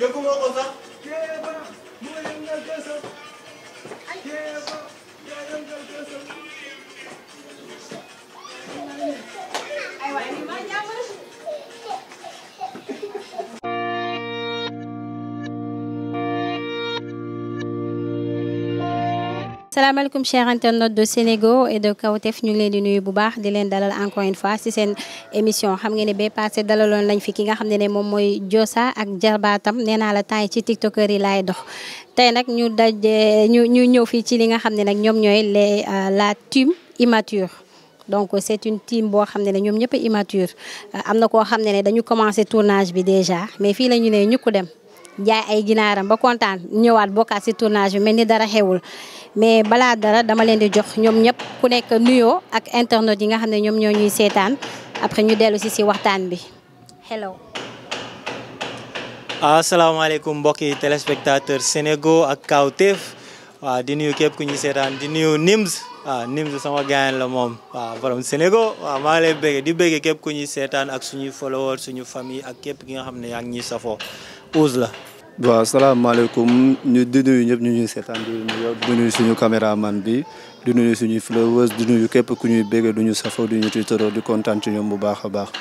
yëgu ma ko sax. Kéba mu yëngal gësam. Kéba yaa yëngal gësam. aywa li ma jàmm. salaamaaleykum chers internautes de Sénégo et de Kawtef ñu ngi leen di nuyu bu baax di leen dalal encore une fois si seen émission xam nga ne bee passé dalaloon lañ fi ki nga xam ne ne moom mooy josa ak jarbaatam nee naa la temps yi ci tiktokeur yi laay dox tey nag ñu daje ñu ñu ñëw fii ci li nga xam ne nag ñoom ñooy les euh, la team immature donc c'est une team boo xam ne ne ñoom ñëpp immature euh, am na ko xam ne ne dañu commencé tournage bi déjà mais fii la ñu ne ñu ko dem jaay ay ginaaram ba kontaan ñëwaat bokkaat si tournage mel ni dara xewul mais balaa dara dama leen di jox ñoom ñëpp ku nekk nuyoo ak internet yi nga xam ne ñoom ñoo ñuy seetaan après ñu dellu si si waxtaan bi hello. asalaamaaleykum mbokki téléspectateur Sénégo ak Kawtef waaw di nuyu képp ku ñuy seetaan di nuyu Nims waaw Nims sama gaañ la moom waaw borom Sénégo waaw maa ngi bëggee di bëggee képp ku ñuy seetaan ak suñuy followers suñu famille ak képp ki nga xam ne yaa ngi ñuy safoo Ouz la. waaw salaamaaleykum ñu di nuyu ñëpp ñu ñuy seetaan di nuyu di nuyu suñu caméraman bi di nuyu suñuy followers di nuyu képp ku ñuy bégge du ñu safoo du ñu tiitaroo di kontaan ci bu baax a baax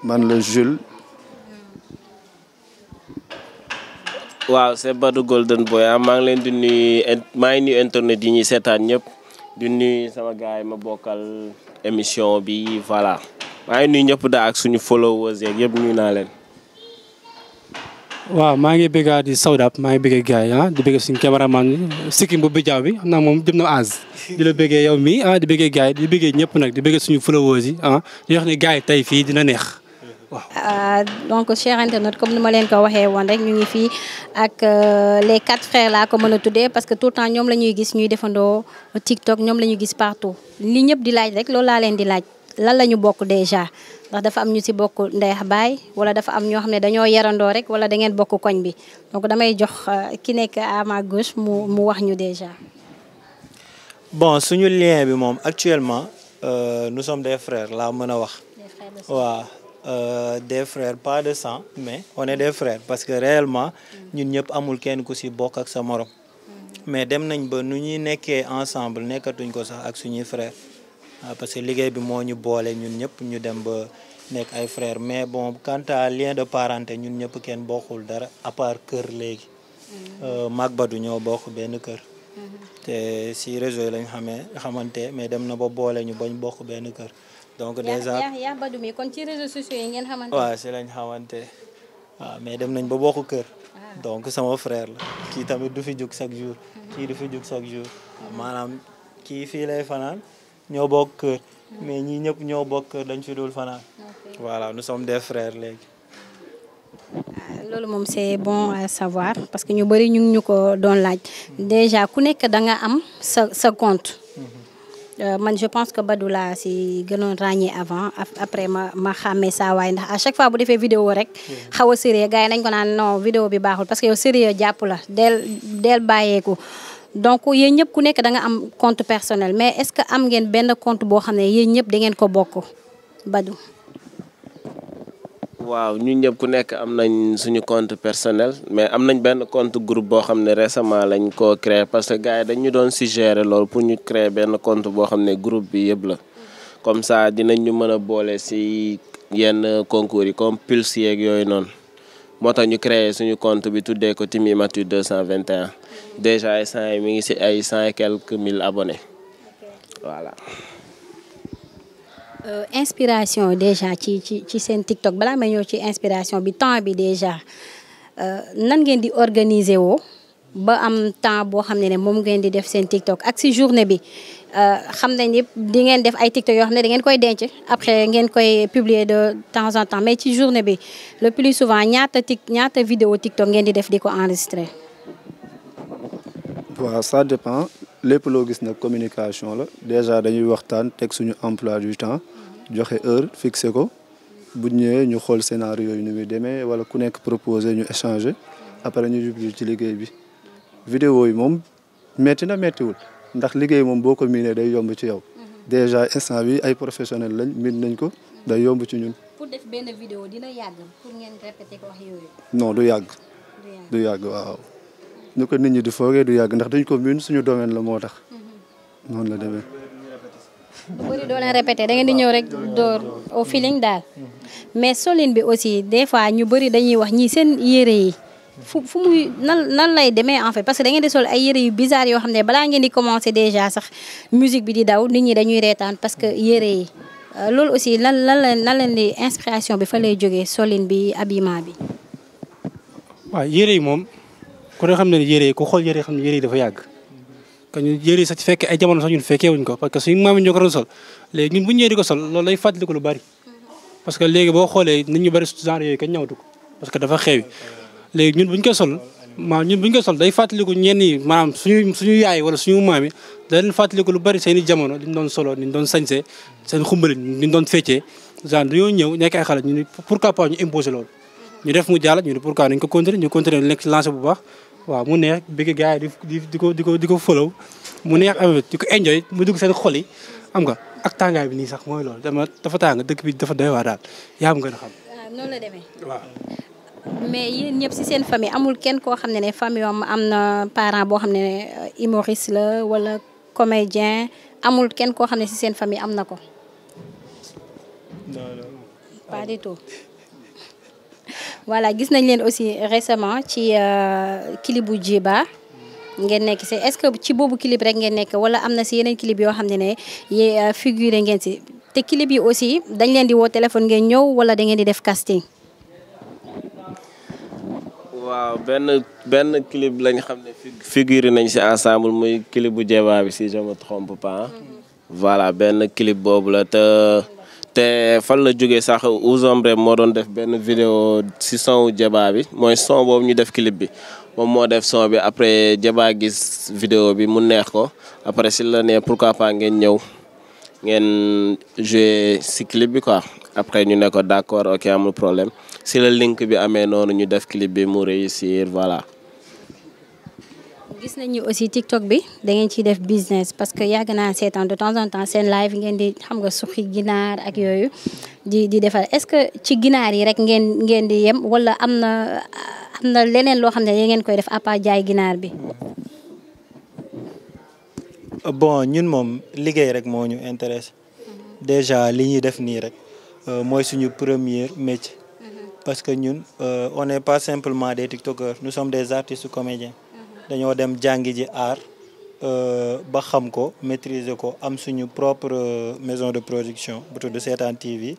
man la Jules. waaw c'est Badou Golden Boy ah, maa ngi leen di nuy maa ngi nuyu internet yi ñuy seetaan ñëpp di nuyu sama gars ma bokkal émission bi voilà maa ngi nuyu ñëpp daal ak suñu followers yeeg yëpp nuyu naa leen. waaw maa ngi bëgg di sawdaab maa ngi bëgg gars yi ah di bëgg suñu cameraman sikkim bu bijaaw bi xam naa moom jëm na az di la bëggee yow mi ah di bëggee gars di bëggee ñëpp nag di bëggee suñu followers yi ah di wax ne gars yi tey fii dina neex waaw. Ah, donc cher internet comme ni ma leen ko waxee woon rek ñu ngi fii ak euh, les quatre frères laa ko mën a tuddee parce que tout temps ñoom la ñuy gis ñuy defandoo TikTok ñoom la ñuy gis partout li ñëpp di laaj rek loolu laa leen di laaj lan la ñu bokk déjà dafa am ñu si bokk ndeex baay wala dafa am ñoo xam ne dañoo yarandoo rek wala da ngeen bokk koñ bi donc damay jox euh, ki nekk à ma mu mu wax ñu déjà. bon suñu lien bi moom actuellement euh, nous sommes des frères laa mën a wax. waaw euh, des frères pas de sang mais on des frères parce que réellement ñun ñëpp amul kenn ku si bokk ak sa morom. Mm-hmm. mais dem nañ ba nu ñuy nekkee ensemble nekkatuñ ko sax ak suñuy frères. Ah, parce que liggéey bi moo ñu boole ñun ñëpp ñu dem ba nekk ay frère mais bon quant à lien de parenté ñun ñëpp kenn bokkul dara à kër léegi. Mm-hmm. Euh, mag ba du ñoo bokk benn kër. Mm-hmm. te si réseau yi lañ xamee xamante mais dem na ba boole ñu bañ bokk benn kër. donc déjà yaa yaa Badou mi kon ci réseaux sociaux yi ngeen ah, mais dem nañ ba bokk kër. Ah. donc sama frère la. kii tamit du fi jug chaque jour. Mm-hmm. kii du fi jug chaque jour. maanaam kii fii lay fanaan. ñoo bokk kër mais ñi ñëpp ñoo bokk kër dañ fi dul fanaan voilà nous sommes des frères léegi euh, loolu moom c'est bon à savoir parce que ñu bëri ñu ngi ñu ko doon laaj déjà ku nekk da nga am sa sa compte mhm. euh, man je pense que ba du laa si gënoon ràññee avant après ma ma xàmmee saa waay ndax à chaque fois bu defee vidéo rek xaw a sérieux gars yi nañ ko naan no vidéo bi baaxul parce que yow sérieux jàpp la del del bàyyeeku donc yéen ñëpp ku nekk da nga am compte personnel mais est-ce que am ngeen benn compte boo xam ne yéen ñëpp da ngeen ko bokk Badou. waaw ñun ñëpp ku nekk am nañ suñu compte personnel mais am nañ benn compte groupe boo xam ne resement lañ ko créé parce que gars yi dañu doon suggérer loolu pour ñu créer benn compte boo xam ne groupe bi yëpp la comme ça dinañ ñu mën a boole si yenn concours yi comme Pulse yooyu noonu moo tax ñu créé suñu compte bi tuddee ko Team Immature 221. déjà mi ngi si ay cent et quelques mille euh, inspiration déjà ci ci ci seen TikTok balaa may ñëw ci inspiration bi temps bi déjà euh, nan ngeen di organiser wo ba am temps boo xam ne ne moom ngeen di def seen TikTok ak si journée bi euh, xam ne ni di ngeen def ay TikTok yoo xam ne da ngeen koy denc après ngeen koy publier de temps en temps mais ci journée bi le plus souvent ñaata tik ñaata vidéo TikTok ngeen di def di ko enregistrer. waaw ça dépend lépp loo gis nag communication la déjà dañuy waxtaan teg suñu emploi du temps joxe heure fixé ko bu ñëwee ñu xool scénario yooyu ni muy demee wala ku nekk proposé ñu échanger après ñu jublu ci liggéey bi. vidéo yi moom metti na méttiwul ndax liggéey moom boo ko miinee day yomb ci yow mhm. déjà instant bi ay professionnel lañ miin nañ ko day yomb ci ñun. pour du yàgg. du yàgg waaw. nu ko nit ñi di foogee du yàgg ndax dañ ko miin suñu domaine la moo tax mm-hmm. noonu la demee. bu bëri doo leen répété da ngeen di ñëw rek door au feeling daal mm-hmm. mais solin bi aussi des fois ñu bëri dañuy wax ñii seen yére yi fu fu muy nan nan lay demee en fait parce que da ngeen di sol ay yére yu bizarre yoo xam ne balaa ngeen di commencé déjà sax bi di daw nit ñi dañuy reetaan parce que yére yi euh, loolu aussi lan lan la lan leen di inspiration bi fa lay jógee solin bi habillement bi. waaw yére yi moom. ku ne xam ne yére yi ku xool yére yi dafa yàgg que yére yi sax ci fekkee ay jamono sax ñun fekkee wuñ ko parce que suñu maam yi ñoo ko doon sol léegi ñun bu ñu ñëwee di ko sol loolu lay fàttaliku lu bari parce que léegi ñu koy sol maa ñun buñ koy sol day fàttaliku ñenn yi suñu suñu yaay wala maam yi da leen fàttaliku lu bari seen i jamono liñ doon solo liñ doon sañsee seen xumbali liñ doon feccee genre dañoo ñëw nekk ay xale ñu pourquoi pas ñu imposer loolu ñu def mu jàll ñu ne pourquoi nañ ko continuer ñu continuer nekk ci lancé bu baax waaw mu neex bëgg ko di ko di ko follow mu neex am di ko enjoy mu dugg seen xol am nga ak tàngaay bi nii sax mooy loolu dama dafa tàng dëkk bi dafa doy waa daal yaa am gën a xam. waaw ah, noonu la demee. mais yéen ñëpp si seen famille amul kenn koo xam ne ne famille am am na parent boo xam ne ne euh, humoriste la wala comédien amul kenn koo xam ne si seen famille am na ko. voilà gis nañ leen aussi récemment ci euh, clip bu Jeeba ngeen nekk si est-ce que ci boobu clip rek ngeen nekk wala am na si yeneen clip yoo xam ne ne yee euh, figuré ngeen si te clip yi aussi dañ leen di woo téléphone ngeen ñëw wala da ngeen di def casting. waaw benn benn clip lañ xam ne figuré nañ si ensemble muy clip bu Jeeba bi si je me trompe hmm. voilà benn clip boobu la te fan la jógee sax Ouzombre moo doon def benn vidéo si son Jeeba bi mooy son boobu ñu def clip bi moom moo def son bi après Jeeba gis vidéo bi mu neex ko après si la ne pourquoi pas ngeen ñëw ngeen joué si clip bi quoi après ñu nekko ko d'accord ok amul problème si la link bi amee noonu ñu def clip bi mu réussir voilà. gis nañu aussi TikTok bi da ngeen ciy def business parce que yàgg naa seetaan de temps en temps seen live ngeen di xam nga suxi ginaar ak yooyu di di defar est-ce que ci ginaar yi rek ngeen ngeen di yem wala am na am na leneen loo xam ne ngeen koy def à part jaay ginaar bi. bon ñun moom liggéey rek moo ñu intéresse mhm. déjà li ñuy def nii rek euh, mooy suñu premier métier. Mhm. parce que ñun euh, on n'est pas simplement des tiktokers nous sommes des artistes comédiens. dañoo dem jàngi ji art euh, ba xam ko maîtriser ko am suñu propre euh, maison de production bu tudd Seetaan TV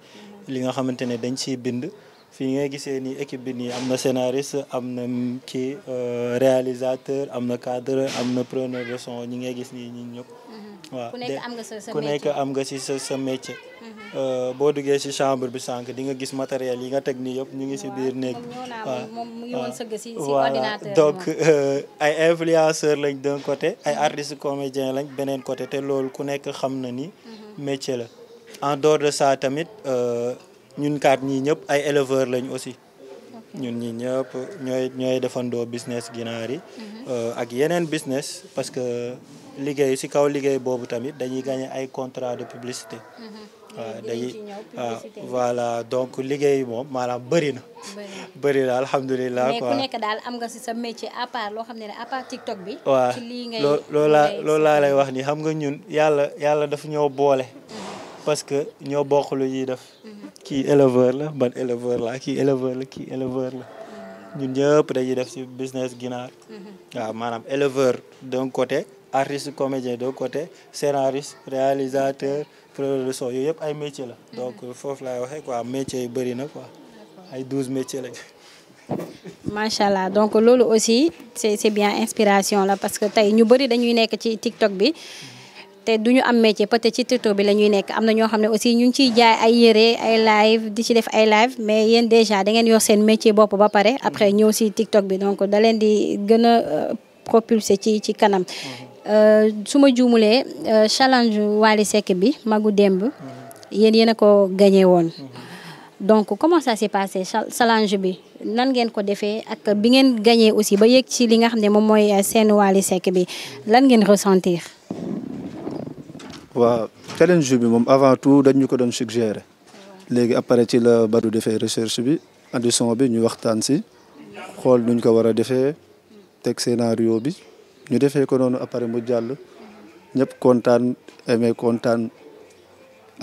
li nga xamante ne dañ ciy bind fii ngay gisee ni équipe bi nii am na scénariste am na kii euh, réalisateur am na cadre am na preneur de son ñi ngay gis nii ñun ñëpp. Mhm. waaw ku nekk am nga si sa sa métier. Mhm. Euh, boo duggee si chambre bi sànq di nga gis matériel yi nga teg nii yëpp ñu ngi si biir néeg bi. waaw voilà donc euh, ay influenceurs lañ d'un côté ay mhm. artistes comédiens lañ beneen côté te loolu ku nekk xam na ni métier la en dehors de ça tamit. ñun kaat ñii ñëpp ay éleveurs lañ aussi ñun ñi ñëpp ñooy ñooy defandoo business ginaar yi mhm. euh, ak yeneen business parce que liggéey si kaw liggéey boobu tamit dañuy gagné ay contrat de publicité mhm. waaw dañuy waaw voilà donc liggéey moom maanaam bëri na bëri na alhamdulilah daal am nga si sa métier loo xam ne à part bi waaw ci loolu laa lay wax ni xam nga ñun yàlla yàlla dafa ñoo boole mhm. parce que ñoo bokk lu ñuy def kii éleveur la ban éleveur la kii éleveur la kii éleveur la ñun ñëpp dañuy def ci business ginaar waaw maanaam éleveur d'un côté artiste comédien d'un côté scénariste réalisateur preneur de son yooyu yëpp ay métier la donc foofu lay waxee quoi métier yu bëri na quoi ay douze métier lañ macha allah donc loolu aussi c'est bien inspiration la parce que tey ñu bëri dañuy nekk ci TikTok bi te du ñu am métier peut-être ci TikTok bi la ñuy nekk am na ñoo xam ne aussi ñu ngi ciy jaay ay yére ay live di ci def ay live mais yéen déjà dangeen ngeen yor seen métier bopp ba pare après ñëw si TikTok bi donc da leen gën a euh, propulser ci ci kanam mm-hmm. euh, su ma juumulee euh, challenge Wally Seck bi magu démb mm-hmm. yéen yéen a ko gagné woon mm-hmm. donc comment ça s'est passé challenge bi nan ngeen ko defee ak bi ngeen gañee aussi ba yéeg ci li nga xam ne moom mooy seen Wally Seck bi lan ngeen ressentir waaw challenge bi moom avant tout dañ ko doon suggéré léegi après ci la Badou defee recherche bi andi son bi ñu waxtaan si xool nuñ ko war a defee teg scénario bi ñu defee ko noonu après mu jàll ñëpp kontaan aimé kontaan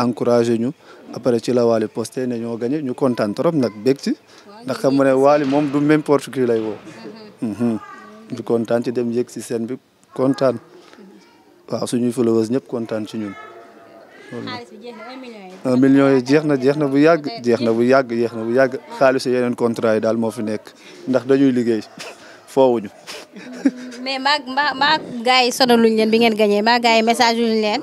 encouragé ñu après ci la Wally posté ne ñoo gagné ñu kontaan trop nag bég si ndax xam ne Wally moom du n'importe qui lay woo. Mhm. ñu kontaan ci dem yëg si seen bi kontaan. waaw suñuy followers ñëpp kontaan ci ñun. xaalis bi jeex na million yi jeex na bu yàgg jeex na bu yàgg jeex na bu yàgg ah. xaalisu yeneen contrat yi daal moo fi nekk ndax dañuy liggéey foowuñu. mais maa maa maa gars yi sonaluñ leen bi ngeen gagné maa gars yi message yuñ leen.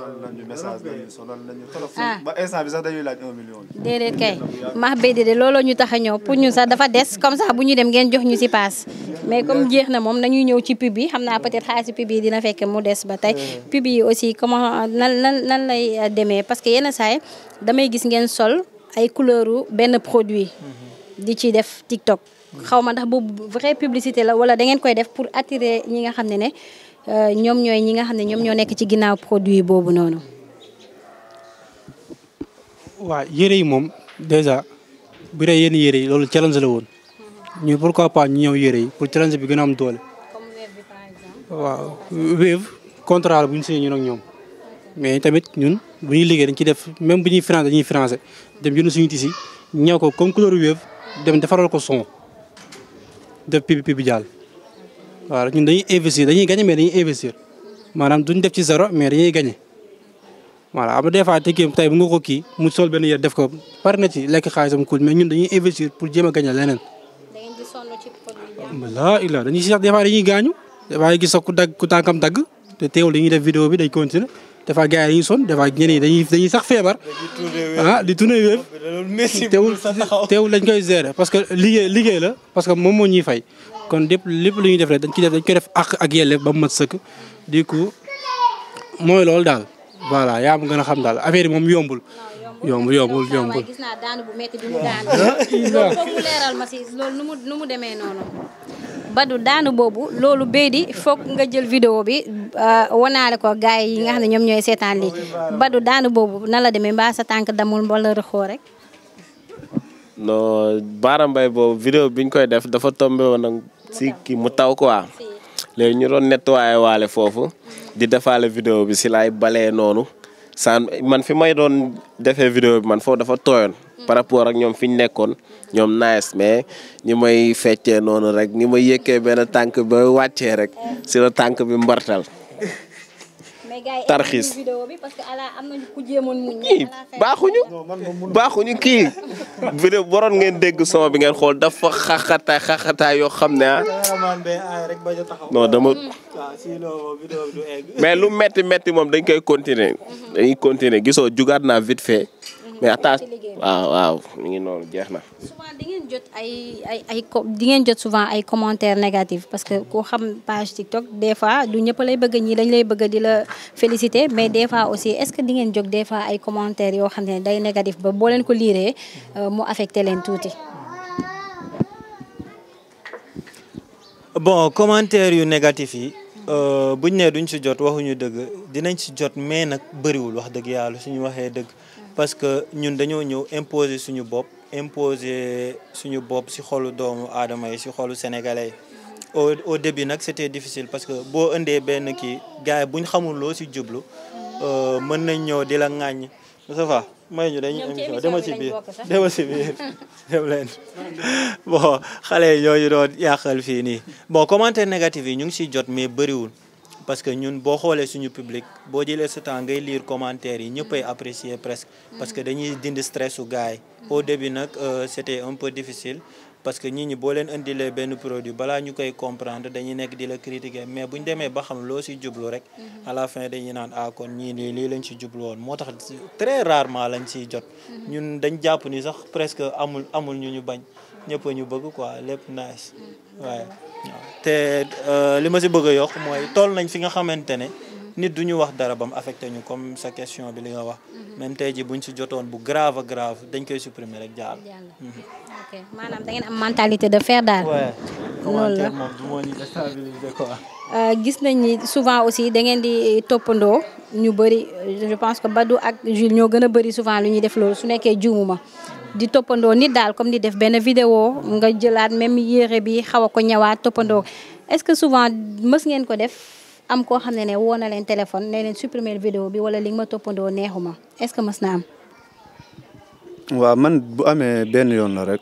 ah ba instant bi sax dañuy laaj 1 million. déedéet kay max béy déedéet looloo ñu tax ñëw pour ñu sax dafa des comme sax bu ñu dem ngeen jox ñu si paas. mais comme jeex na moom nañuy ñëw ci pub yi xam naa peut-être xaalisu pub yi dina fekk mu des ba tey hmm. pub yi aussi comment nan nan nan lay demee parce que yenn saay damay gis ngeen sol ay couleuru benn produit hmm. di ci def TikTok hmm. xaw ma ndax boobu vraie publicité la wala da ngeen koy def pour attirer ñi nga xam ne ne euh, ñoom ñooy ñi nga xam ne ñoom ñoo nekk ci ginnaaw produit boobu noonu waaw yére yi moom déjà bu dee yenn yére yi loolu challenge la woon ñu pourquoi pas ñu ñëw yére yi pour challenge bi gën a am doole. waaw Wave contrat la bu ñu signé ñu ak ñoom mais tamit ñun bu ñuy liggéey dañ ciy def même bu ñuy financé dañuy financé dem jënd suñu tisi ñëw ko comme couleur Wave dem defaral ko son def pipi pipi jaal waaw ñun dañuy investir dañuy gagné mais dañuy investir maanaam duñ def ci zéro mais dañuy gagné voilà am na te kii tey bu nga ko kii mu sol benn yére def ko pare na ci lekk xaalisam kuul mais ñun dañuy investir pour jéem a leneen. laa ilaa dañuy sax des fois dañuy gaañu des fois gis sax ku dagg ku tànkam dagg te teewul li ñuy def vidéo bi day continuer des fois gars yi dañuy sonn des dañuy dañuy sax feebar. ah di tourner web teewul teewul dañ koy gérer parce que liggéey liggéey la parce que moom moo ñuy fay kon lépp lépp lu ñuy def rek dañ ciy def dañ koy def àq ak yelleef ba mu mat sëkk du coup mooy loolu daal voilà yaa am gën a xam daal affaire moom yombul. yombul yombul yombul gis naa daanu bi mu daanu loolu foog demee noonu Badou daanu boobu loolu béy di foog nga jël vidéo bi euh, wanaale ko gars yi nga xam ne ñoom ñooy seetaan lii Badou daanu boobu nala la demee mbaa sa tànk damul wala rëxoo rek non Baara Mbaye boobu vidéo biñ koy def dafa tombé woon nag si kii mu taw quoi léegi ñu doon nettoyé waale foofu di defaale vidéo bi si laay balee noonu saan man fi may doon defe video bi man foofu dafa tooyoon. Mm. par rapport ak ñoom fi ñu nekkoon ñoom nice mais ñi may feccee noonu rek ñi may yëkkee benn tànk ba wàccee rek mm. si la tànk bi mbartal tarxiis kii baaxuñu baaxuñu kii vidéo waroon ngeen dégg son bi ngeen xool dafa xaxataay xaxataay yoo xam ne ah non ah, dama ah, mais lu metti metti moom dañ koy continuer mhm. dañuy continuer gisoo jugaat naa vite fait mais attaque waaw waaw mi ngi noonu jeex na. di ngeen jot ay ay ay di ngeen jot souvent ay commentaires négatifs parce que ku xam page TikTok des fois du ñëpp lay bëgg ñii dañ lay bëgg di la félicité mais des fois aussi est-ce que di ngeen jóg des fois ay commentaires yoo xam ne day négatif ba boo leen ko liiree euh, mu affecté leen tuuti. bon commentaires yu négatif yi. Euh, buñ ne duñ si jot waxuñu dëgg dinañ si jot mais nag bëriwul wax dëgg yàlla suñu waxee dëgg. parce que ñun dañoo ñëw imposer suñu bopp impose suñu bopp si xolu doomu aadama yi si xolu sénégalais yi au au début nag c'était difficile parce que boo indee benn kii gars yi buñ xamuloo si ci jublu euh, mën nañ ñëw di la ŋàññ ça va may ñu dañuy émission dama ci biir dama ci biir dem leen bon xale yooyu doon yàqal fii nii bon commentaire négatif yi ñu ngi ciy jot mais bëriwul parce que ñun boo xoolee suñu public boo jëlee sa temps ngay liir commentaires yi ñëppay apprécier presque parce que dañuy dindi stress su gars yi au début nag euh, c'était un peu difficile parce que ñii ñi boo leen indilee benn produit balaa ñu koy comprendre dañuy nekk di la critiquer mais bu ñu demee ba xam loo ci jublu rek mhm. à la fin dañuy naan ah kon ñii nii lii lañ ci jublu woon moo tax très rarement lañ ciy jot mhm. ñun dañ jàpp ni sax presque amul amul ñu ñu bañ ñëpp ñu bëgg quoi lépp nice waaye te euh, li ma si bëgg a yokk mooy toll nañ fi nga xamante ne nit du ñu wax dara ba mu affecté ñu comme sa question bi li nga wax même tey ji buñ si jotoon bu grave a grave dañ koy supprimer rek jàll. ok maanaam da am mentalité de faire daal. loolu euh, gis nañ ni souvent aussi dangeen ngeen di toppandoo ñu bëri je pense que Badou ak Jules ñoo gën a bëri souvent lu ñuy def loolu su nekkee juumuma di toppandoo nit daal comme di def benn vidéo nga jëlaat même yére bi xaw a ko ñawaat toppandoo est-ce que souvent mës ngeen ko def am koo xam ne ne woo na leen téléphone ne leen supprimer vidéo bi wala li nga ma toppandoo neexuma est-ce que mës na am. waaw man bu amee benn yoon la rek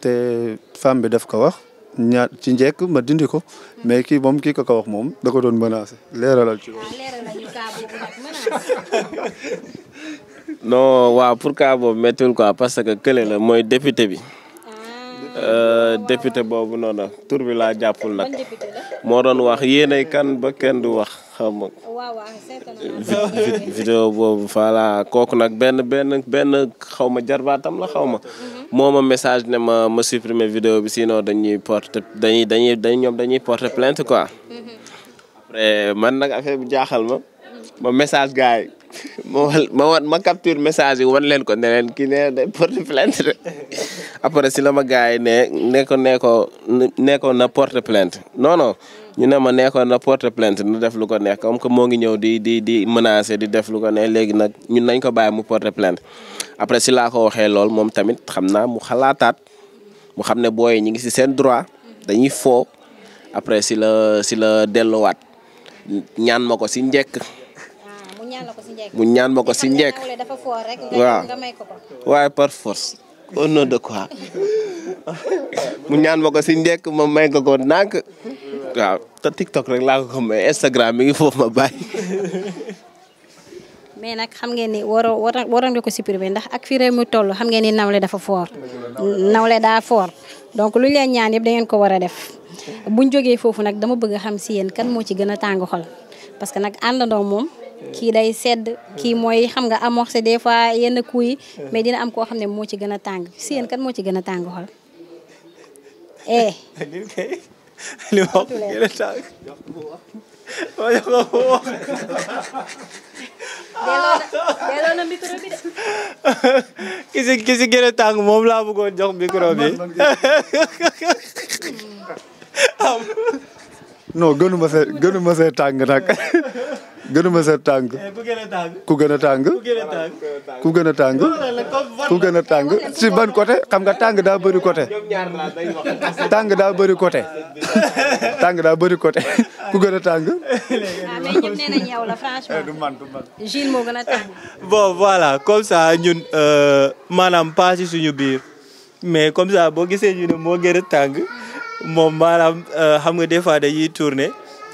te femme bi daf ko wax ñaar ci njëkk ma dindi ko mais kii moom kii ko ko wax moom da ko doon menacé leeralal ci loolu. Ah, boobu nag non waaw pour cas boobu méttiwul quoi parce que kële la mooy député bi euh, député boobu noonu tur bi laa jàppul nag moo doon wax yéenay kan ba kenn du wax xam nga vidéo boobu voilà kooku nag benn benn benn xaw ma jarbaatam la xaw ma mhm. moo ma message ne ma ma video vidéo bi sinon dañuy porter dañuy dañuy dañ ñoom dañuy porter plainte quoi mhm. man nag affaire bi jaaxal ma mhm. ma message gars ma ma wan ma capture message yi wan leen ko ne leen kii nee na porte plainte après si la ma gars yi ne ne ko nekkoon na porte plainte non non ñu ne ma nekkoon na porte plainte nu def lu ko neex comme que moo ngi ñëw di di di menacer di def lu ko ne léegi nag ñun nañ ko bàyyi mu porte plainte après si laa ko waxee lool moom tamit xam naa mu xalaataat mu xam ne booy ñi ngi si seen droit dañuy foo après si la si la delluwaat ñaan ma ko si njekk mu ñaan ma ko si njekk waaw waaye par force au nom de quoi mu ñaan ma ko si njekk ma may ko ko nànk waaw te TikTok rek laa ko ko may Instagram mi ngi foofu ma bàyyi. mais nag xam ngeen ni waroo waroon nga ko supprimer ndax ak fi réew mi toll xam ngeen ni nawle dafa foor nawle daa foor donc lu ñu ñaan yëpp da ko war a def bu jógee foofu nag dama bëgg a xam si yéen kan moo ci gën a tàng xol parce nag àndandoo moom. kii day sedd kii mooy xam nga amorcé des fois yenn coups yi dina am koo xam ne moo ci gën a tàng si yéen kan moo ci gën a tàng xol eh na micro moom laa bëggoon jox micro bi. non gënu ma see gënu nag. gënuma sa tàng. Eh, ku gën a tàng. ku gën a tàng. ku gën a tàng. ku gën a tàng si ban côté xam nga tàng daa bëri côté. tàng daa bëri côté. tàng daa bëri côté ku gën a tàng. a tàng. bon voilà comme ça ñun euh, maanaam pas si suñu biir mais comme ça boo gisee ñu ne moo gën a tàng moom maanaam euh, xam nga des fois dañuy tourner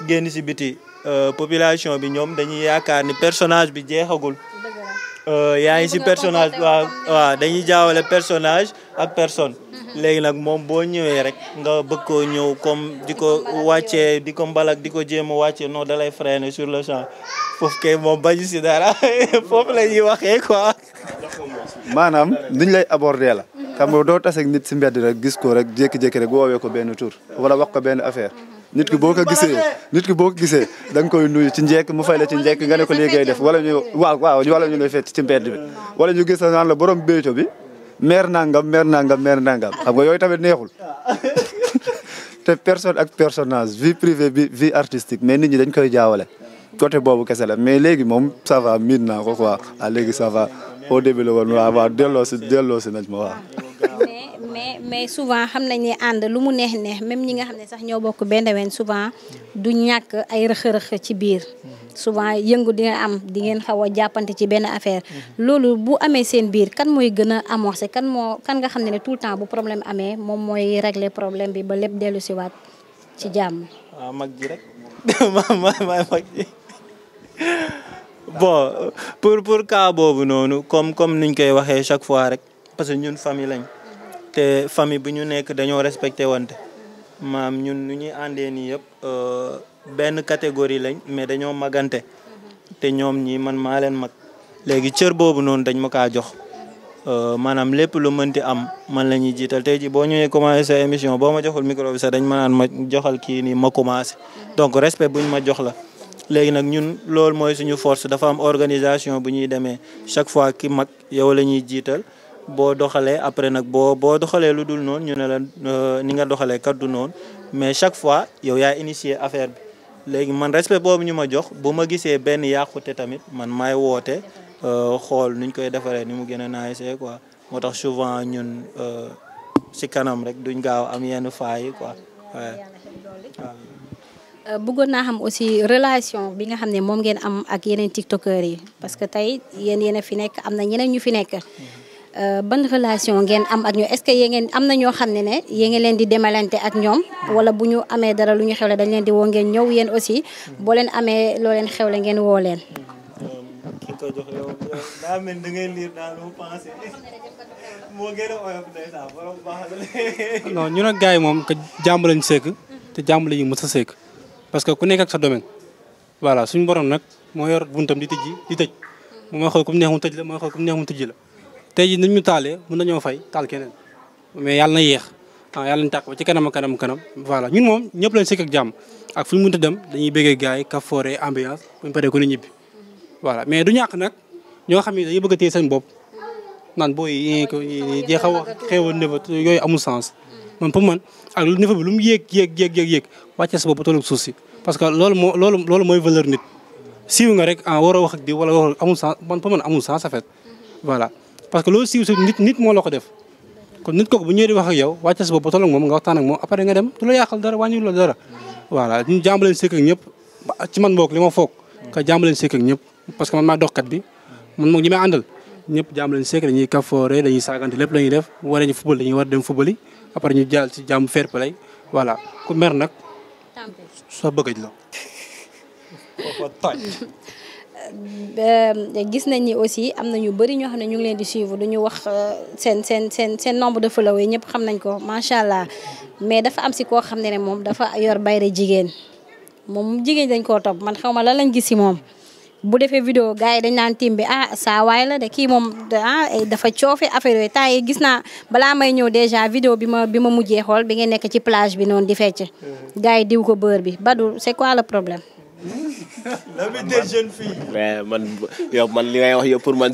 génn si biti. Euh, population bi ñoom dañuy yaakaar ni personnage bi jeexagul. Euh, yaa ngi si personnage waaw dañuy jaawale personnage ak personne. Mhm. léegi nag moom boo ñëwee rek nga bëgg koo ñëw comme di ko wàccee di ko mbalak di ko jéem a wàccee non da lay freiner sur le champ foofu kay moom bañu si dara foofu la ñuy waxee quoi. maanaam niñ lay aborder la. xam nga doo taseeg nit si mbedd rek gis ko rek jékki rek woowee ko benn tur wala wax ko benn affaire. nit ki boo ko gisee nit ki boo ko gisee da koy nuyu ci njekk mu fay la ci njekk nga ne ko liggéey def wala ñu waaw waaw wala ñu lay fett ci mbedd wala ñu gis naan la borom béyto bi meer nangam meer nangam meer nangam xam nga yooyu tamit neexul te personne ak personnage vie privée bi vie artistique mais nit ñi dañ koy jaawale côté boobu kese la mais léegi moom ça va miin naa ko quoi ah léegi ça va au début la woon waaw waaw delloo si delloo nañ ma waaw mais mais souvent xam nañ ne ànd lu mu neex neex même ñi nga xam ne sax ñoo bokk benn ween souvent du ñàkk ay rëx ci biir souvent yëngu dina am di ngeen xaw a jàppante ci benn affaire loolu bu amee seen biir kan mooy gën a amorcé kan moo kan nga xam ne ne tout le temps bu problème amee moom mooy régler problème bi ba lépp dellu si waat ci jàmm waaw ah, mag ji rek maa mag ji bon pour pour cas boobu noonu comme comme niñ koy waxee chaque fois rek parce que ñun famille lañ te famille bi ñu nekk dañoo respecté wante maam ñun nu ñuy àndee nii yëpp euh, benn catégorie lañ mais dañoo magante te ñoom ñi man maa leen mag léegi cër boobu noonu dañ ma kaa jox euh, maanaam lépp lu mënti am man la ñuy jiital tey ji boo ñëwee commencé émission boo ma joxul micro bi dañ ma ma joxal kii nii ma commencé donc respect buñ ma jox la léegi nag ñun loolu mooy suñu force dafa am organisation bu ñuy demee chaque fois ki mag yow la ñuy jiital boo doxalee après nag boo boo doxalee lu dul noonu ñu ne la euh, ni nga doxalee kaddu du noonu mais chaque fois yow yaa initier affaire bi léegi man respect boobu ñu ma jox bu ma gisee benn yàqute tamit man may woote euh, xool nuñ koy defaree ni mu gën a naayisee quoi moo tax souvent ñun euh, si kanam rek duñ gaaw am yenn faay yi quoi bëggoon naa xam aussi relation bi nga xam ne moom ngeen am ak yeneen tiktokeur yi parce que tey yéen yéen fi nekk am na ñeneen ñu fi nekk Euh, ban relation ngeen am ak ñoom est-ce que yee ngeen am na ñoo xam ne ne yéen ngeen leen di demalante ak ñoom wala bu ñu amee dara lu ñu xewle dañ leen di woo ngeen ñëw yéen aussi boo leen amee loo xew xewle ngeen woo leen. ki ko jox yow da ngay lire moo gën la. non ñu nag gars yi moom que jàmm lañ te jàmm la ñu mu sa sekk parce que ku nekk ak sa domaine voilà suñ borom nag moo yor buntam di tëj di tëj moo xool comme neex mu tëj la moo xool comme neex mu tëj la. tey jii nañ ñu taalee mun nañoo fay taal keneen mais yàlla na yéex ah yàlla nañ tàq ba ci kanam kanam kanam voilà ñun moom ñëpp lañ sekk ak jàmm ak fu ñu mënta dem dañuy bëggee gars yi ka foore ambiance bu ñu paree ku ne mais du ñàkk nag ñoo xam ne dañuy bëgg a seen bopp naan booy yi ko jee a xew a niveau yooyu amul sens man man ak niveau bi lu mu yéeg yéeg yéeg yéeg yéeg wàcce sa bopp tollu suuf si parce que loolu moo loolu loolu mooy valeur nit siiw nga rek ah war a wax ak di wala wax amul sens man pour man amul sens en voilà parce que loolu siiw si nit nit moo la ko def kon nit kooku bu ñëwee di wax ak yow wàcce sa bopp moom nga waxtaan moom après nga dem du la yàqal dara wàññiwul la dara voilà ñu jàmm leen sëkk ak ñëpp ci man boog li ma foog ka jàmm leen sëkk ak ñëpp parce que man maa doxkat bi man moom ñi may àndal ñëpp leen sëkk dañuy kafoore dañuy saagante lépp la ñuy def war ñu football dañuy war dem football yi après ñu jàll ci jàmm fair play voilà ku mer nag sa la gis nañ ni aussi am na ñu bëri ñoo xam ne ñu ngi leen di suivre du ñu wax euh, seen seen seen seen nombre de followers ñëpp xam nañ ko macha allah mais dafa am si koo xam ne ne moom dafa yor bayre jigéen moom jigéen dañ koo topp man xaw ma lan lañ gis si moom. bu defee vidéo gars yi dañ naan tim bi ah saa waay la de kii moom ah, dafa coofe affaire yooyu temps yi gis naa balaa may ñëw dèjà vidéo bi ma bi ma mujjee xool bi ngeen nekk ci plage bi noonu di fecc. Mm-hmm. gaa yi diw ko bër bi Badou c'est l'ami des man li ngay wax yow man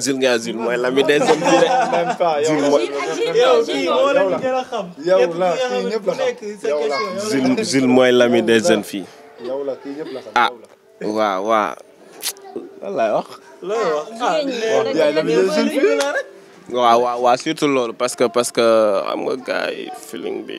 Jules mooy l'ami des mooy l'ami des jeunes filles. yow la kii ñëpp la ah, loolu ah, ah, surtout loolu parce que parce que xam nga gars feeling bi.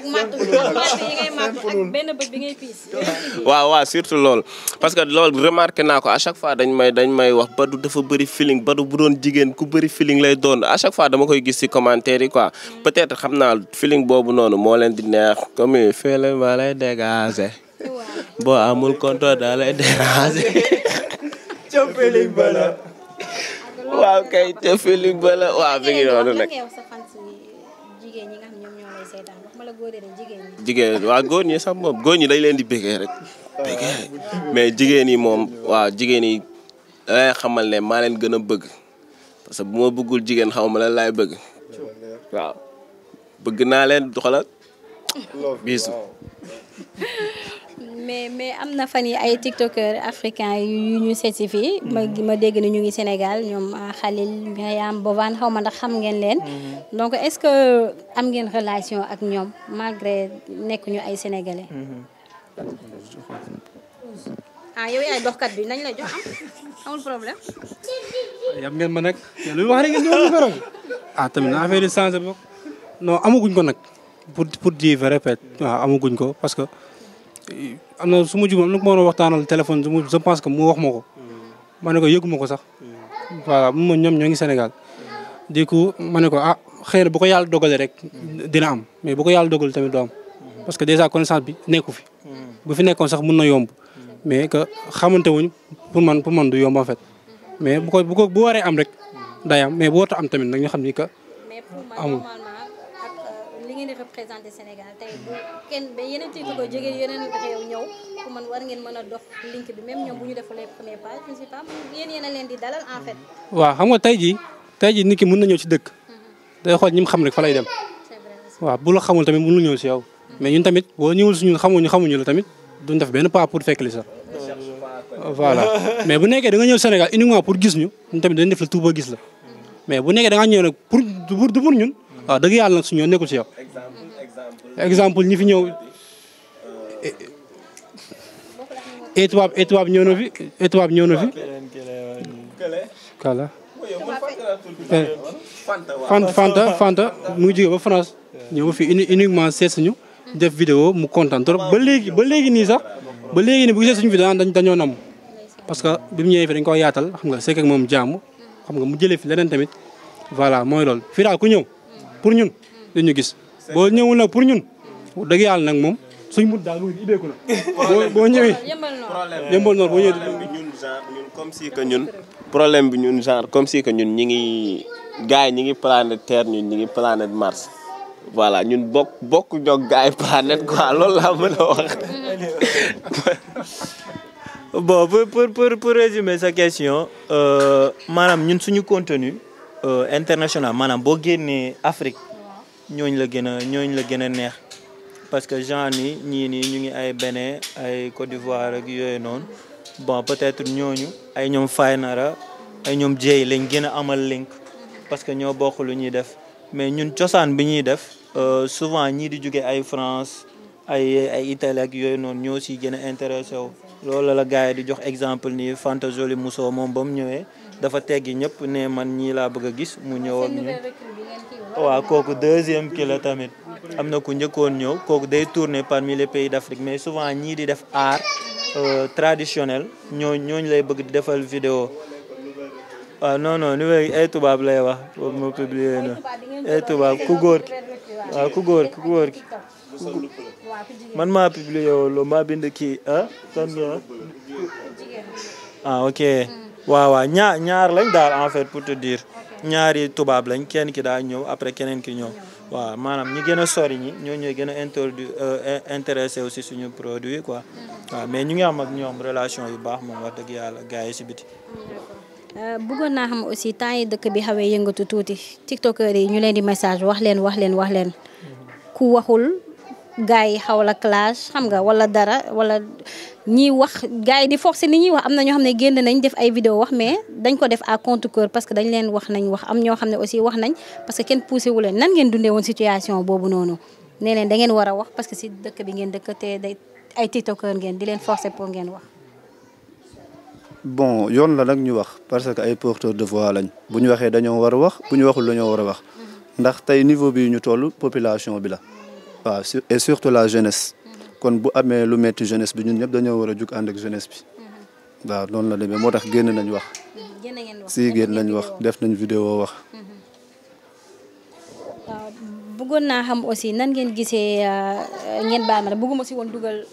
waaw waaw surtout loolu parce que lool remarqué naa ko à chaque fois dañ may dañ may wax Badou dafa bëri feeling Badou bu doon jigéen ku bëri feeling lay doon à chaque fois dama koy gis ci commentaire yi quoi mm. peut-être xam naa feeling boobu noonu moo leen di neex comme feeling ba lay dégager boo amul compteur daa lay déranger feeling ba la waaw kay te feeling ba waaw mi noonu nag jigéen waa góor ñi sax moom góor ñi dañ leen di bëggee rek. mais jigéen yi moom waaw jigéen yi xamal ne maa leen gën a bëgg parce que bu ma bëggul jigéen xaw ma lan laay bëgg. waaw bëgg naa leen du xalaat biisu. mais mais am na fan yi ay tiktokeur africain yu ñu seeti fii ma mhm. ma dégg ñu ngi Sénégal ñoom ah, Khalil Mariam Bovan xaw ma ndax xam ngeen leen mhm. donc est-ce que am ngeen relation ak ñoom malgré nekk ñu ay sénégalais mhm. ah yow yaay doxkat bi nañ la jox am amul problème yam ngeen ma nag lu wax rek ngeen ñëw ñu feroon ah tamit na amaguñ ko nag pour pour dire vrai répète waaw ah, amaguñ ko parce que am na su ma jub am na ma waxtaanal téléphone je pense que mu wax ma ko. Mm. ma ne ko ma ko sax. Mm. voilà mu ma ñoom ñoo ngi Sénégal. Mm. di coup ma ne ko ah xëy na bu ko yàlla dogalee rek dina am mais bu ko yàlla dogal tamit du am. parce que déjà connaissance bi nekku fi. bu fi nekkoon sax mun na yomb. mais que xamante wuñ pour man pour man du yomb en fait. mais bu ko bu ko bu waree am rek. day am mais bu warta am tamit nag ñu xam ni que amul. ngeen a dox link bi même ñoom a leen di dalal en waaw xam nga tey jii tey jii nit ki mën na ñëw ci dëkk. Mhm. day xool ñu mu xam rek fa lay dem. waaw bu la xamul tamit mënul ñëw si yow. Mhm. mais ñun tamit boo ñëwul si ñun xamuñu xamuñu la tamit duñ def benn pas pour fekk li sax. voilà mais bu nekkee da nga ñëw Sénégal uniquement pour gis ñu ñun tamit dañ def la tout gis la mhm. mais bu nekkee da ñëw nag pour du ñun waaw dëgg yàlla nag suñu yoon nekkul si yow. exemple ñi fi ñëw. étuwaab euh. e étuwaab e ñëw na fi étuwaab e ñëw na fi. kala. Fanta Fanta mu ngi jógee ba France ñëw ba fi uniquement seet suñu def vidéo mu kontaan trop ba léegi ba léegi nii sax ba léegi nii bu gisee suñu vidéo dañ dañoo nam parce que bi mu ñëwee fi dañ yaatal xam nga sekk moom jàmm xam nga mu jëlee fi leneen tamit voilà mooy loolu fii ku ñëw. pour ñun ñu gis boo ñëwul nag pour ñun dëgg yàlla nag moom suñ mut daal mu ibbeeku na boo ñëwee yëmbal noor boo ñëwee ñun genre comme si que ñun problème bi ñun genre comme si que ñun ñi ngi gars yi ñi ngi planète terre ñun ñi ngi planète mars voilà ñun bok bokk ñoog gars yi planète laa mën a wax bon pour pour pour résumer sa question euh, maanaam ñun suñu contenu Euh, international maanaam boo génnee Afrique ñooñ la gën a ñooñ la gën a neex parce que genre ni ñii nii ñu ngi ay Bénin ay Côte d'Ivoire ak yooyu noonu bon peut-être ñooñu ay ñoom fay nara ay ñoom jéy lañ gën a amal link parce que ñoo bokk lu ñuy def mais ñun cosaan bi ñuy def euh, souvent ñii di jóge ay France ay ay Italie ak yooyu noonu ñoo si gën a intéressé wu loolu la gars yi di jox exemple ni Fanta Joli Mousso moom ba mu ñëwee dafa teggi ñëpp ne man ñii laa bëgg a gis mu ñëw ak ñu waaw kooku deuxième ki tamit am na ku njëkkoon ñëw kooku day tourner parmi les pays d'Afrique mais souvent ñii di def art euh, traditionnel ñoo ñooñu lay bëgg di defal vidéo waaw non non ni wéy ay tubaab lay wax boobu ma publier na e tubaab ku góor ki góor ki ku man maa publier loolu maa bind kii ah kan ah ok waaw waaw ñaar ñaar lañ daal en pour te dire ñaari tubaab lañ kenn ki daa ñëw après keneen ki ñëw maanaam ñi gën a sori ñi ñoo ñooy gën a introduire euh, intéressé aussi suñu produit quoi mm-hmm. waaw mais ñu ngi am ak ñoom relation yu baax moom wax dëgg yàlla gars yi si biti. Mm-hmm. Euh, bëggoon naa xam aussi temps yi dëkk bi xawee yëngatu tuuti tiktokeur yi ñu leen di message wax leen wax leen wax leen mm-hmm. ku waxul gars xaw la clash xam nga wala dara wala. ñiy wax gars yi di forcé ni ñuy wax am na ñoo xam ne génn nañ def ay vidéo wax mais dañ ko def à contre-cœur parce que dañ leen wax nañ wax am ñoo xam ne aussi wax nañ parce que kenn poussé wu leen nan ngeen dundee woon situation boobu noonu nee leen da ngeen war wax parce que si dëkk bi ngeen dëkk te day ay tiktokeur ngeen di leen forcé pour ngeen wax. bon yoon la nag ñu wax parce que ay porteurs de voix lañ bu ñu waxee dañoo war a wax bu ñu waxul dañoo war a wax ndax tey niveau ñu toll population bi la waaw et la jeunesse. kon bu amee lu metti jeunesse bi ñun ñëpp dañoo war jug ànd ak jeunesse bi mhm. waaw noonu la demee moo tax génn nañ wax mhm, si génn nañ wax def nañ vidéo wax mhm. bëggoon naa xam aussi nan ngeen gisee euh, ngeen baal ma ne bëgguma si woon dugal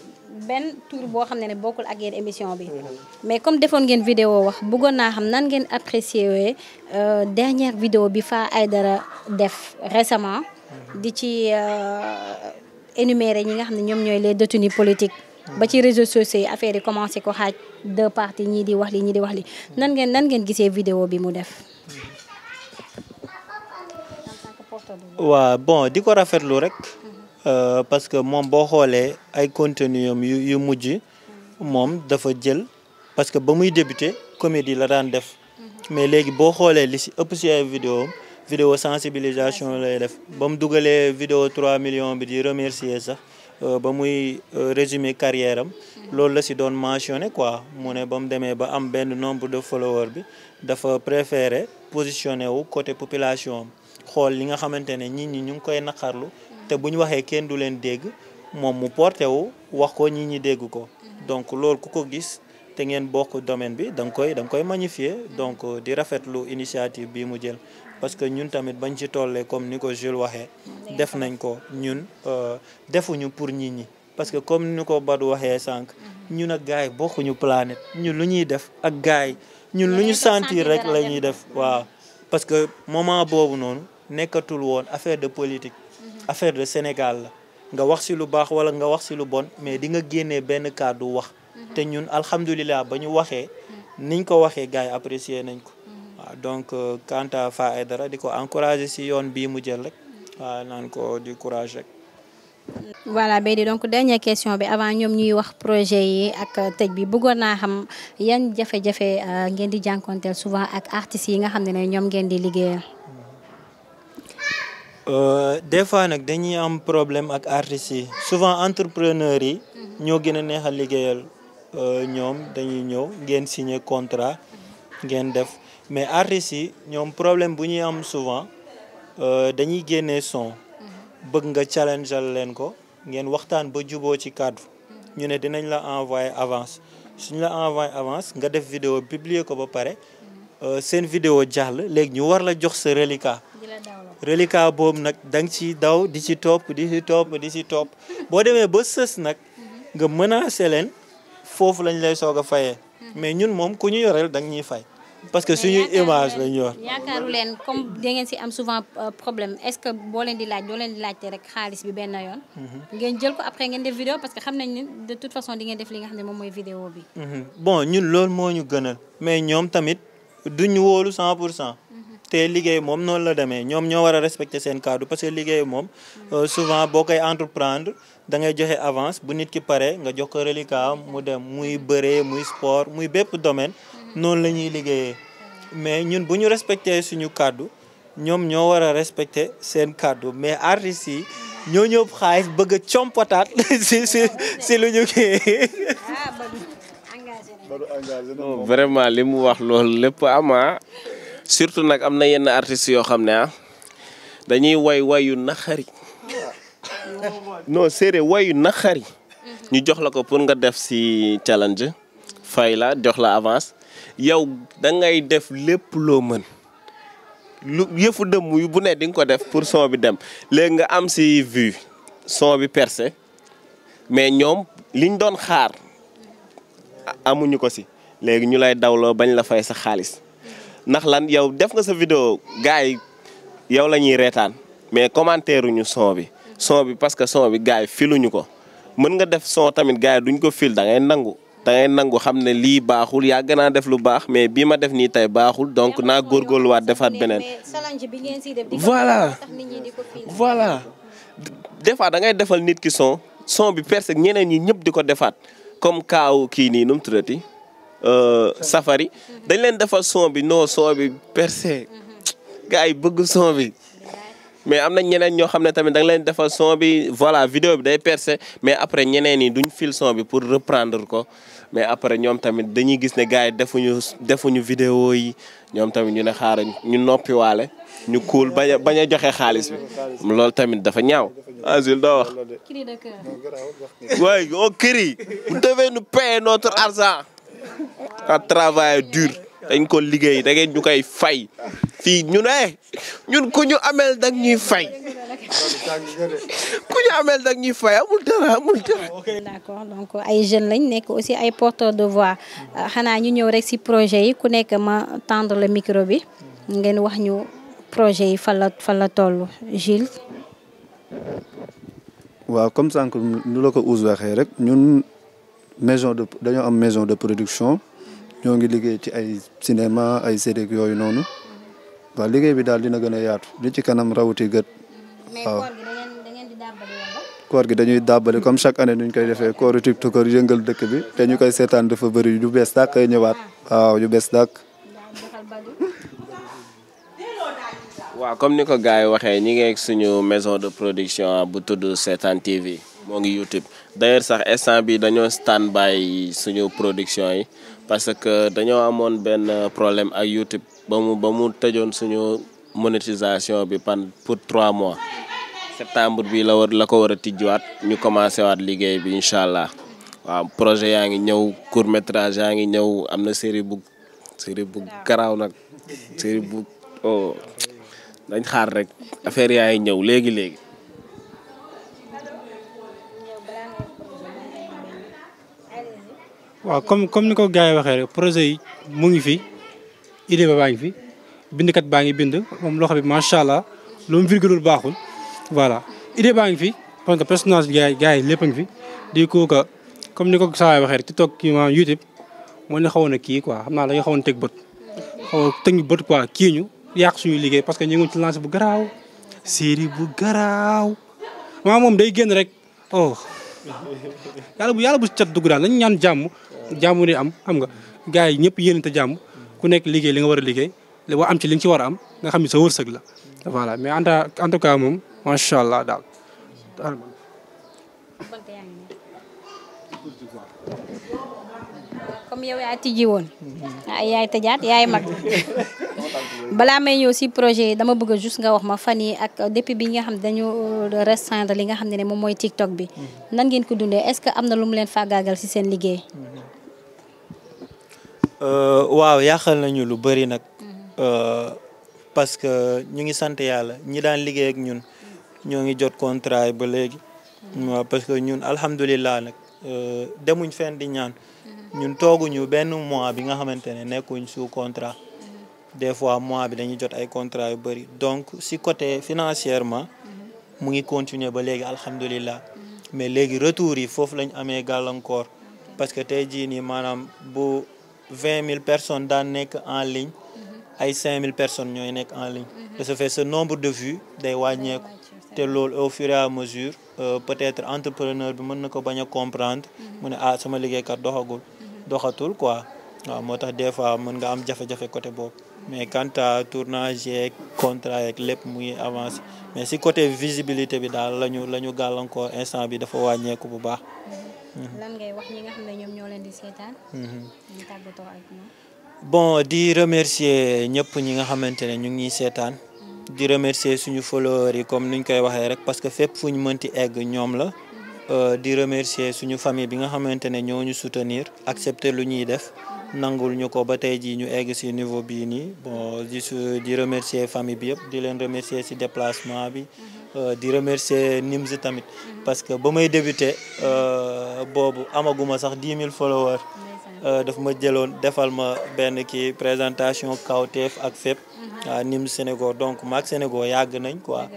benn tour boo xam ne ne bokkul ak yéen émission bi mais comme defoon ngeen vidéo wax bëggoon naa xam nan ngeen apprécié wee euh, dernière vidéo bi Fa ay dara def récemment di ci euh, énumérer ñi nga xam ne ñoom ñooy les détenus politiques ba ci réseaux sociaux yi affaire yi commencé ko xaaj deux parties ñii di wax li ñii di wax li nan ngeen nan gisee vidéo bi mu def waaw bon di ko rafetlu rek euh, parce que moom boo xoolee ay contenu yam yu yu mujj moom dafa jël parce que ba muy débuté comédie la daan def mm-hmm. mais léegi boo xoolee li si ëpp si ay vidéo vidéo sensibilisation lay def ba mu dugalee video 3 millions bi di remercier sax euh, ba muy euh, résumé carrière am mm. loolu la si doon mentionné quoi mu ne ba mu demee ba am benn nombre de followers bi dafa préféré positionné wu côté population am xool li nga xamante ne nit ñi ñu ngi koy naqarlu mm. te bu ñu waxee kenn du leen dégg moom mu porté wu wax ko nit ñi dégg ko mm. donc loolu ku ko gis te ngeen bokk domaine bi da nga koy da nga koy magnifier donc euh, di rafetlu initiative bi mu jël parce que ñun tamit bañ ci tollee comme ni ko Jules waxe def nañ ko ñun euh, defuñu pour nit ñi parce que comme ni ko Badou waxee sànq ñun ak gars yi bokkuñu planète ñun lu ñuy def ak gars yi ñun lu ñu sentir rek la ñuy def waaw parce que moment boobu noonu nekkatul woon affaire de politique mhm. affaire de Sénégal la nga wax ci lu baax walla nga wax ci lu bon mais di nga génnee benn kàddu wax mhm. te ñun alhamdulilah ba ñu waxee mhm. niñ ko waxee gars yi apprécier nañ ko waaw donc quant euh, Fa Aidara di ko encourager si yoon bii mu jël rek waa naan ko du courage rek. voilà Bédi donc dernière question bi avant ñoom ñuy wax projet yi ak tëj bi bëggoon naa xam yan jafe euh, ngeen di jànkonteel souvent ak artistes yi nga xam ne ne ñoom ngeen di liggéeyal. Euh, des fois nag dañuy am problème ak artistes yi souvent entrepreneurs yi. ñoo gën a neexal liggéeyal ñoom dañuy ñëw ngeen signe contrat ngeen def. mais artistes yi ñoom problème bu ñuy am souvent euh, dañuy génne son bëgg nga challengeal leen ko ngeen waxtaan ba juboo ci cadre ñu ne dinañ la envoyer avance suñ la envoyé avance nga def video publier ko ba pare euh, seen video jàll léegi ñu war la jox sa reliquat reliquat boobu nag da nga ciy daw di ci topp di ci topp di ci topp boo demee ba sës nag nga menacé leen foofu lañ lay soog a fayee mm-hmm. mais ñun moom ku ñu yoreel da nga ñuy fay parce que suñu image la ñu yaakaaru leen comme da ngeen si am souvent euh, problème est-ce que boo leen di laaj doo leen di laajte rek xaalis bi benn yoon. Mhm. ngeen jël ko après ngeen def vidéo parce que xam nañ ne de toute façon di ngeen def li nga xam ne moom mooy vidéo bi. Mhm. ñun loolu moo ñu gënal mais ñoom tamit du ñu woolu 100 pour cent. Mhm. te liggéey moom noonu la demee ñoom ñoo war a respecter seen kàddu parce que liggéey moom euh, souvent boo koy entreprendre da joxe avance bu nit ki pare nga jox ko reliquat mu dem muy bëree muy sport muy bépp domaine. noonu la ñuy liggéeyee mais ñun bu ñu respecté suñu kàddu ñoom ñoo war a respecté seen kàddu mais artistes yi ñoo ñëpp xaalis bëgg a compataat si si lu ñu kii. vraiment li mu wax lool lépp ama ah. surtout nag am na yenn artistes yoo xam ne ah dañuy way wayu naxari non séeréer wayu naxari ñu jox la ko pour nga def si challenge fay la jox la avance yow da ngay def lépp loo mën lu yëfu dëmm yu bu ne di nga ko def pour son bi dem léegi nga am si vue son bi percé mais ñoom liñ doon xaar amuñu ko si léegi ñu lay dawloo bañ la fay sa xaalis ndax lan yow def nga sa video gars yi yow la ñuy reetaan mais commentaire uñu son bi son bi parce que son bi gars yi filuñu ko mën nga def son tamit gars yi duñ ko fil da ngay nangu da ngay nangu xam ne lii baaxul yàgg naa def lu baax mais bii ma def nii tey baaxul donc naa góor góorgóorluwaat defaat beneen. voilà voilà des da ngay defal nit ki son son bi perse ñeneen ñi ñëpp di ko defaat comme kaaw kii nii nu mu tuddati euh, safari dañ leen defal son bi non son bi perse mhm. yi bëgg son bi. mais am na ñeneen ñoo xam ne tamit danga leen defa son bi voilà vidéo bi day perse mais après ñeneen yi duñ fil son bi pour reprendre ko mais après ñoom tamit dañuy gis ne gars yi defuñu defuñu vidéo yi ñoom tamit ñu ne xaaral ñu noppiwaale ñu kuul bañ bañ a joxe xaalis bi loolu tamit dafa ñaaw. Azul ah, doo wax. waaye au oh, cri. vous devez nous payer notre argent. à travailler dur. dañ ko liggéey da ngeen ñu koy fay fii ñu ne ñun ku ñu amel dag ñuy fay ku ñu amel dag ñuy fay amul dara amul donc ay jeunes lañ nekk aussi ay porteurs de voix xanaa ñu ñëw rek ci projet yi ku nekk ma tendre le micro bi ngeen wax ñu projet yi fan la fan la toll Gilles. waaw comme sànq nu la ko Ousse waxee rek ñun maison de dañoo am maison de production. ñoo ngi liggéey ci ay cinéma ay série yooyu noonu waaw liggéey bi daal dina gën a yaatu li ci kanam rawati gët waaw gi dañuy dàbbale comme chaque année nuñ koy defee kooru TikTok yëngal dëkk bi te ñu koy seetaan dafa bëri yu bees dàq ay ñëwaat ah. waaw bees dàq waaw comme ni ko gars yi waxee ñi ngi suñu maison de production bu tudd Seetaan TV moo ngi YouTube d'ailleurs sax instant bi dañoo stand by suñu production yi parce que dañoo amoon benn problème ak YouTube ba mu ba mu tëjoon suñu monétisation bi pan pour trois mois septembre bi la war la ko war a tijjiwaat ñu commencé waat liggéey bi incha allah waaw projet yaa ngi ñëw court métrage yaa ngi ñëw am na séri bu série bu garaw nag série bu oh dañ xaar rek affaire yaa ngi ñëw léegi léegi. waaw comme comme ni ko gars yi waxee rek projet yi mu ngi fi idée ba baa ngi fi bindkat baa ngi bind moom loxo bi macha allah lu mu virgulul baaxul voilà idée baa ngi fi parce que personnage gars yi gars lépp ngi fi di ko que comme ni ko saa waxee rek TikTok kii maanaam YouTube moo xawoon kii quoi xam naa la xawoon teg bët xaw teg bët quoi kii ñu yàq suñu liggéey parce que ñu ngi ci lancé bu garaaw série bu garaaw maa moom day génn rek oh yàlla bu yàlla bu cat dugg daal nañu ñaan jàmm jàmm ni am xam nga gars yi ñëpp yéenante jàmm ku nekk liggéey li nga war a liggéey wa am ci li nga ci war a am nga xam ni sa wërsëg la voilà mais en tout cas macha allah daal. comme yow yaa tijji woon ah, yaay tëjaat yaay mag balaa may ñëw si projet dama bëgg juste nga wax ma fan yi ak depuis bi nga xam ne dañu euh, restreindre li nga xam ne ne moom mooy TikTok bi mm-hmm. nan ngeen ko dundee est-ce que am na lu mu leen fàggaagal si seen liggéey mm-hmm. Euh, waaw yàqal nañu lu bëri nag mm-hmm. euh, parce que ñu ngi sant yàlla ñi daan liggéey ak ñun ñoo ngi jot contrat yi ba léegi mm-hmm. waaw parce que ñun alhamdulilah nag euh, demuñ fenn di ñaan ñun tooguñu benn mois bi nga xamante ne nekkuñ sous contrat mm-hmm. des fois mois bi dañuy jot ay contrat yu bëri donc si côté financièrement mu ngi continuer ba léegi alhamdulilah mais léegi retour yi foofu lañ amee gàllankoor parce que jii nii maanaam bu vingt mille personnes daan nekk en ligne mhm. ay cinq mille personnes ñooy nekk en ligne mhm. de ce fait ce nombre de vues day wàññeeku te loolu au fur et à mesure euh, peut-être entrepreneur bi mën na ko bañ a comprendre mhm. mu ne ah sama liggéey liggéeykat doxagul doxatul quoi waaw moo tax des fois mën nga am jafe-jafe côté boobu mais quant à tournage yeeg contrat yeeg lépp mu ngi avancé mais si côté visibilité bi daal lañu la ñu gàllankoor instant bi dafa wàññeeku bu baax lan ngay di mhm. bon di remercier ñëpp ñi nga xamante ne ñu ngi seetaan. Mhm. di remercier suñu followers yi comme ñu koy waxee rek parce que fépp fu ñu mënti egg ñoom la. Mhm. Euh, di remercier suñu famille bi nga xamante ne ñoo ñu soutenir accepter lu ñuy def. nangul ñu ko ba tey jii ñu egg si niveau bii nii bon di su di remercier famille bi yëpp di leen remercier si déplacement bi. Euh, di remercier Nimzi tamit mhm. parce que ba may débuté euh, boobu amaguma sax dix mille followers euh, daf ma jëloon defal ma benn kii présentation kawteef ak fépp mhm. waaw Nimzi Sénégal donc maag Sénégal yàgg nañ quoi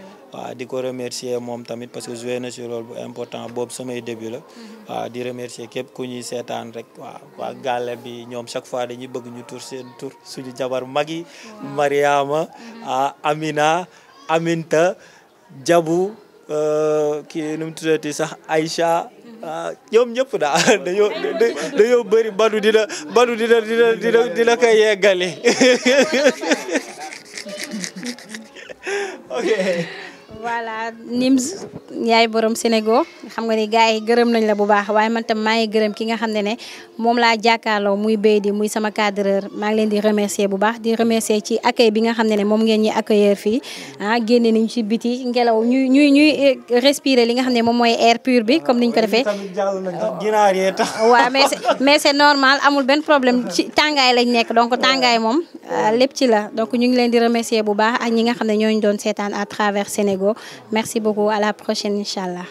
di ko remercier moom tamit parce que joué na bu important boobu samay début la mhm. waaw di remercier képp ku ñuy seetaan rek waaw waa gàlle bi ñoom chaque fois dañuy bëgg ñu tur seen tur suñu jabar mag yi Mariama ah, Amina Aminta Jabu euh, kii nu mu tuddati sax Aïcha ah, ñoom ñëpp daal dañoo dañoo bëri Badou dina koy yeggali voilà Nims yaay borom Sénégal xam nga ni gars yi gërëm nañ la bu baax waaye man tam maa ngi gërëm ki nga xam ne ne moom laa jàkkaarloo muy béy muy sama cadreur maa ngi leen di remercier bu baax di remercier ci accueil bi nga xam ne ne moom ngeen ñuy accueillir fii ah génne nañ ci biti ngelaw ñuy ñuy ñuy eh, respirer li nga xam ne moom mooy air pur bi comme niñ ko defee waaw mais mais c'est normal amul benn problème ci tàngaay lañ nekk donc tàngaay moom ah, lépp ci la donc ñu ngi leen di remercier bu baax ñi nga xam ne ñooñu doon seetaan à travers Sénégal vidéo. Merci beaucoup. À la prochaine, Inch'Allah.